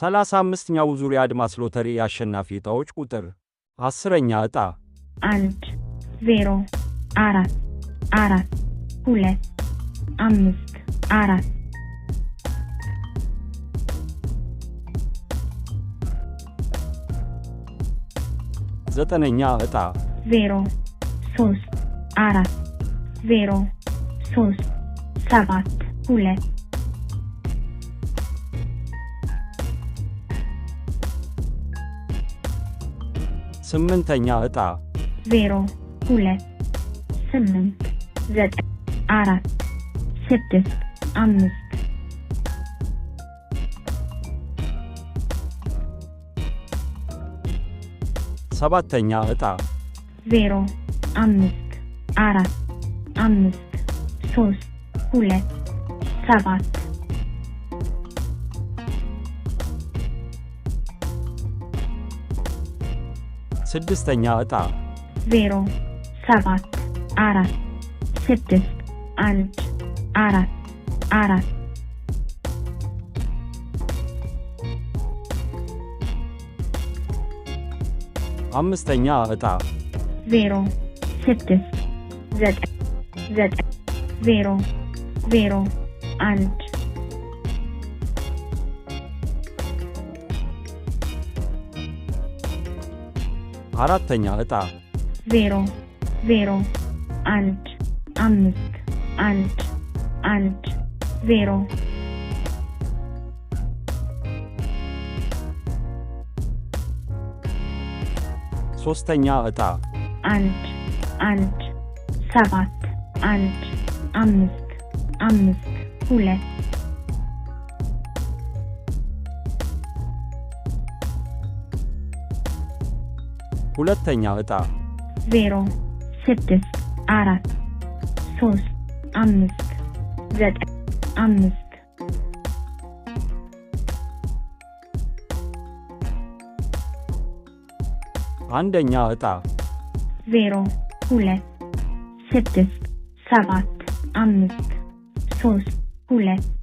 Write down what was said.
35ኛው ዙር የአድማስ ሎተሪ የአሸናፊ ዕጣዎች ቁጥር አስረኛ ዕጣ አንድ ዜሮ አራት አራት ሁለት አምስት አራት ዘጠነኛ ዕጣ ዜሮ ሶስት አራት ዜሮ ሶስት ሰባት ሁለት ስምንተኛ ዕጣ ዜሮ ሁለት ስምንት ዘጠኝ አራት ስድስት አምስት ሰባተኛ ዕጣ ዜሮ አምስት አራት አምስት ሶስት ሁለት ሰባት ስድስተኛ ዕጣ ዜሮ ሰባት አራት ስድስት አንድ አራት አራት አምስተኛ ዕጣ ዜሮ ስድስት ዘጠኝ ዘጠኝ ዜሮ ዜሮ አንድ አራተኛ እጣ ዜሮ ዜሮ አንድ አምስት አንድ አንድ ዜሮ ሶስተኛ ዕጣ አንድ አንድ ሰባት አንድ አምስት አምስት ሁለት ሁለተኛ ዕጣ ዜሮ ስድስት አራት ሶስት አምስት ዘጠኝ አምስት አንደኛ ዕጣ ዜሮ ሁለት ስድስት ሰባት አምስት ሶስት ሁለት